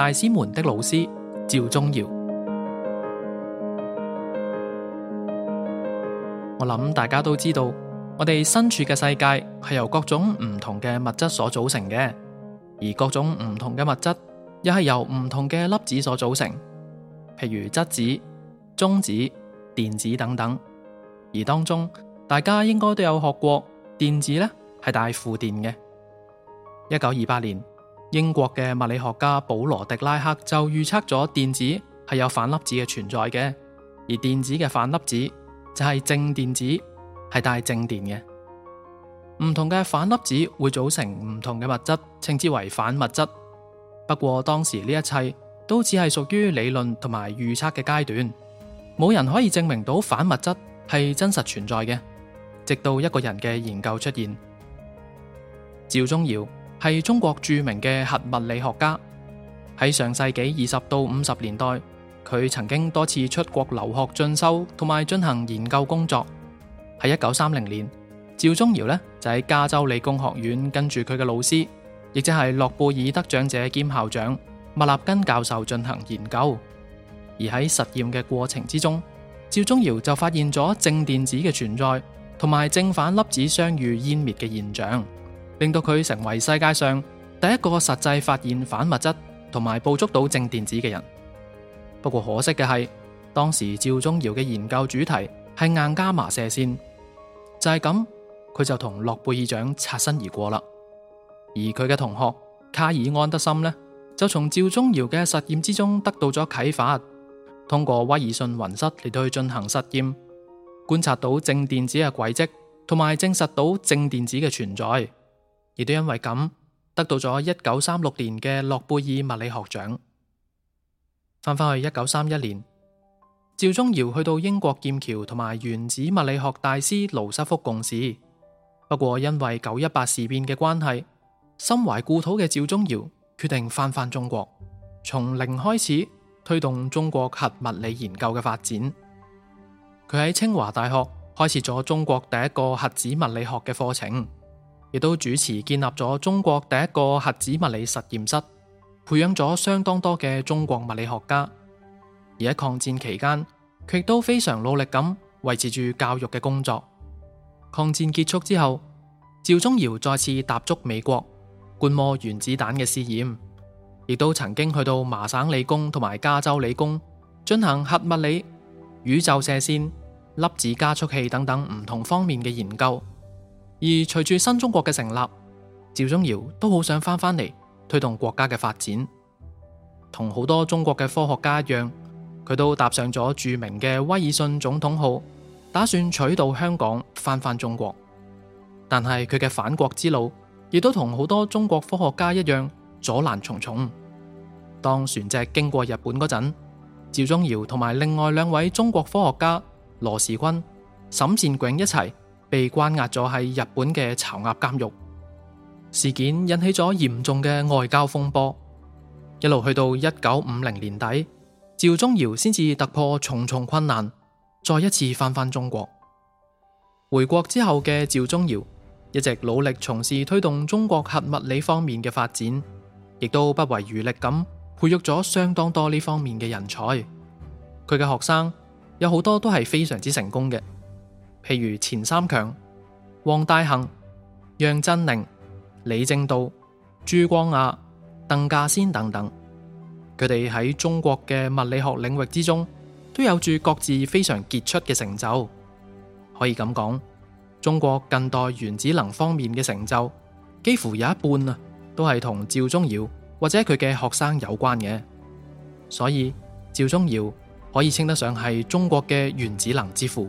大師們的老師趙忠堯，我諗大家都知道，我哋身處嘅世界係由各種唔同嘅物質所組成嘅，而各種唔同嘅物質又係由唔同嘅粒子所組成，譬如質子、中子、電子等等。而當中，大家應該都有學過，電子呢係帶負電嘅。一九二八年。英國嘅物理學家保羅迪拉克就預測咗電子係有反粒子嘅存在嘅，而電子嘅反粒子就係正電子，係帶正電嘅。唔同嘅反粒子會組成唔同嘅物質，稱之為反物質。不過當時呢一切都只係屬於理論同埋預測嘅階段，冇人可以證明到反物質係真實存在嘅。直到一個人嘅研究出現，趙忠堯。係中國著名嘅核物理學家。喺上世紀二十到五十年代，佢曾經多次出國留學進修，同埋進行研究工作。喺一九三零年，趙忠堯呢就喺加州理工學院跟住佢嘅老師，亦即係諾貝爾得獎者兼校長麥立根教授進行研究。而喺實驗嘅過程之中，趙忠堯就發現咗正電子嘅存在，同埋正反粒子相遇湮滅嘅現象。令到佢成為世界上第一個實際發現反物質同埋捕捉到正電子嘅人。不過可惜嘅係，當時趙忠堯嘅研究主題係硬加麻射線，就係咁，佢就同諾貝爾獎擦身而過啦。而佢嘅同學卡爾安德森呢，就從趙忠堯嘅實驗之中得到咗啟發，通過威爾遜雲室嚟到去進行實驗，觀察到正電子嘅軌跡，同埋證實到正電子嘅存在。亦都因為咁得到咗一九三六年嘅諾貝爾物理學獎。翻返去一九三一年，趙忠堯去到英國劍橋同埋原子物理學大師盧瑟福共事。不過因為九一八事變嘅關係，心懷故土嘅趙忠堯決定翻翻中國，從零開始推動中國核物理研究嘅發展。佢喺清華大學開設咗中國第一個核子物理學嘅課程。亦都主持建立咗中國第一個核子物理實驗室，培養咗相當多嘅中國物理學家。而喺抗戰期間，佢都非常努力咁維持住教育嘅工作。抗戰結束之後，趙忠堯再次踏足美國，觀摩原子彈嘅試驗，亦都曾經去到麻省理工同埋加州理工進行核物理、宇宙射線、粒子加速器等等唔同方面嘅研究。而隨住新中國嘅成立，趙忠堯都好想翻返嚟推動國家嘅發展，同好多中國嘅科學家一樣，佢都搭上咗著名嘅威爾遜總統號，打算取道香港翻返，返中國。但係佢嘅返國之路，亦都同好多中國科學家一樣，阻攔重重。當船隻經過日本嗰陣，趙忠堯同埋另外兩位中國科學家羅時鈞、沈善炯一齊。被關押咗喺日本嘅巢鴨監獄，事件引起咗嚴重嘅外交風波。一路去到一九五零年底，趙忠堯先至突破重重困難，再一次翻返中國。回國之後嘅趙忠堯一直努力從事推動中國核物理方面嘅發展，亦都不遺餘力咁培育咗相當多呢方面嘅人才。佢嘅學生有好多都係非常之成功嘅。譬如錢三強、王大珩、楊振寧、李政道、朱光亞、鄧稼先等等，佢哋喺中國嘅物理學領域之中都有住各自非常傑出嘅成就。可以咁講，中國近代原子能方面嘅成就，幾乎有一半啊，都係同趙忠堯或者佢嘅學生有關嘅。所以趙忠堯可以稱得上係中國嘅原子能之父。